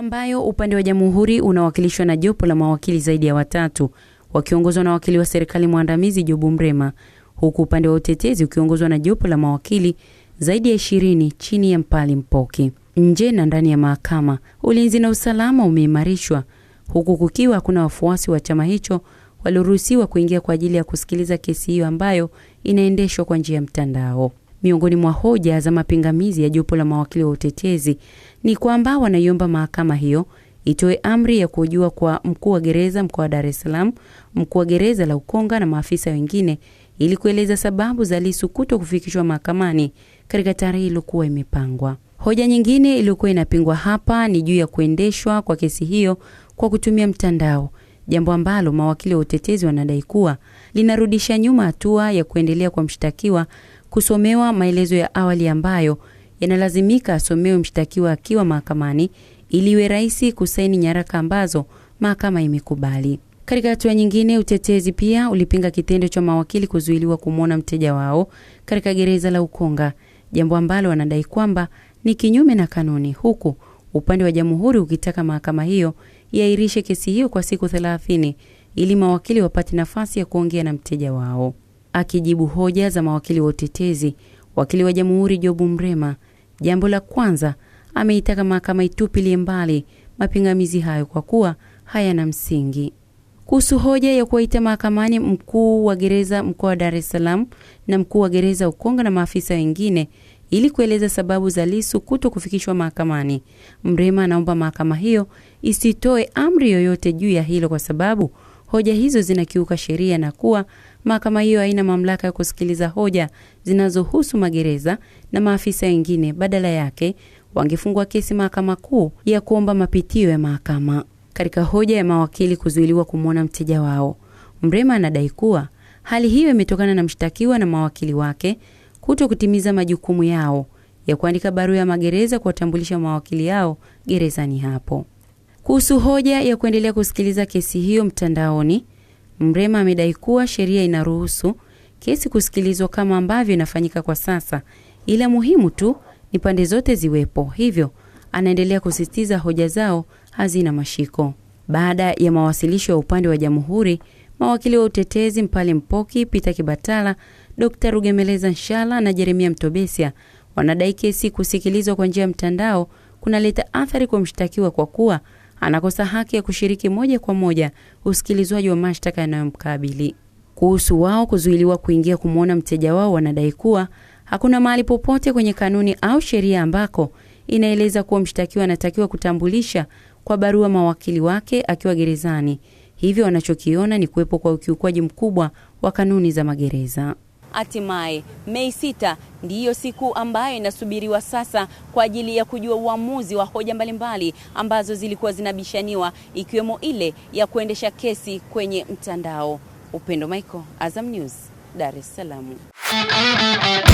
ambayo upande wa jamhuri unawakilishwa na jopo la mawakili zaidi ya watatu wakiongozwa na wakili wa serikali mwandamizi Jobu Mrema, huku upande wa utetezi ukiongozwa na jopo la mawakili zaidi ya ishirini chini ya Mpali Mpoki. Nje na ndani ya mahakama, ulinzi na usalama umeimarishwa huku kukiwa kuna wafuasi wa chama hicho walioruhusiwa kuingia kwa ajili ya kusikiliza kesi hiyo ambayo inaendeshwa kwa njia ya mtandao. Miongoni mwa hoja za mapingamizi ya jopo la mawakili wa utetezi ni kwamba wanaiomba mahakama hiyo itoe amri ya kuhojiwa kwa mkuu wa gereza mkoa wa Dar es Salaam, mkuu wa gereza la Ukonga na maafisa wengine ili kueleza sababu za Lissu kuto kufikishwa mahakamani katika tarehe iliyokuwa imepangwa. Hoja nyingine iliyokuwa inapingwa hapa ni juu ya kuendeshwa kwa kesi hiyo kwa kutumia mtandao, jambo ambalo mawakili wa utetezi wanadai kuwa linarudisha nyuma hatua ya kuendelea kwa mshtakiwa kusomewa maelezo ya awali ambayo yanalazimika asomewe mshtakiwa akiwa mahakamani ili iwe rahisi kusaini nyaraka ambazo mahakama imekubali. Katika hatua nyingine, utetezi pia ulipinga kitendo cha mawakili kuzuiliwa kumwona mteja wao katika gereza la Ukonga, jambo ambalo wanadai kwamba ni kinyume na kanuni, huku upande wa jamhuri ukitaka mahakama hiyo iairishe kesi hiyo kwa siku thelathini ili mawakili wapate nafasi ya kuongea na mteja wao. Akijibu hoja za mawakili wa utetezi, wakili wa Jamhuri Jobu Mrema, jambo la kwanza ameitaka mahakama itupilie mbali mapingamizi hayo kwa kuwa hayana msingi. Kuhusu hoja ya kuwaita mahakamani mkuu wa gereza mkoa wa Dar es Salaam na mkuu wa gereza Ukonga na maafisa wengine ili kueleza sababu za lisu kuto kufikishwa mahakamani, Mrema anaomba mahakama hiyo isitoe amri yoyote juu ya hilo kwa sababu hoja hizo zinakiuka sheria na kuwa mahakama hiyo haina mamlaka ya kusikiliza hoja zinazohusu magereza na maafisa wengine. Badala yake wangefungua kesi mahakama kuu ya kuomba mapitio ya mahakama. Katika hoja ya mawakili kuzuiliwa kumwona mteja wao, Mrema anadai kuwa hali hiyo imetokana na mshtakiwa na mawakili wake kuto kutimiza majukumu yao ya kuandika barua ya magereza kuwatambulisha mawakili yao gerezani hapo. Kuhusu hoja ya kuendelea kusikiliza kesi hiyo mtandaoni, Mrema amedai kuwa sheria inaruhusu kesi kusikilizwa kama ambavyo inafanyika kwa sasa, ila muhimu tu ni pande zote ziwepo. Hivyo anaendelea kusisitiza hoja zao hazina mashiko. Baada ya mawasilisho ya upande wa jamhuri, mawakili wa utetezi Mpale Mpoki, Peter Kibatala, Dr. Rugemeleza Nshala na Jeremia Mtobesia wanadai kesi kusikilizwa kwa njia ya mtandao kunaleta athari kwa mshtakiwa kwa kuwa anakosa haki ya kushiriki moja kwa moja usikilizwaji wa mashtaka yanayomkabili. Kuhusu wao kuzuiliwa kuingia kumwona mteja wao, wanadai kuwa hakuna mahali popote kwenye kanuni au sheria ambako inaeleza kuwa mshtakiwa anatakiwa kutambulisha kwa barua mawakili wake akiwa gerezani. Hivyo wanachokiona ni kuwepo kwa ukiukwaji mkubwa wa kanuni za magereza. Hatimaye Mei sita ndiyo siku ambayo inasubiriwa sasa kwa ajili ya kujua uamuzi wa hoja mbalimbali ambazo zilikuwa zinabishaniwa ikiwemo ile ya kuendesha kesi kwenye mtandao. Upendo Michael, Azam News, Dar es Salaam.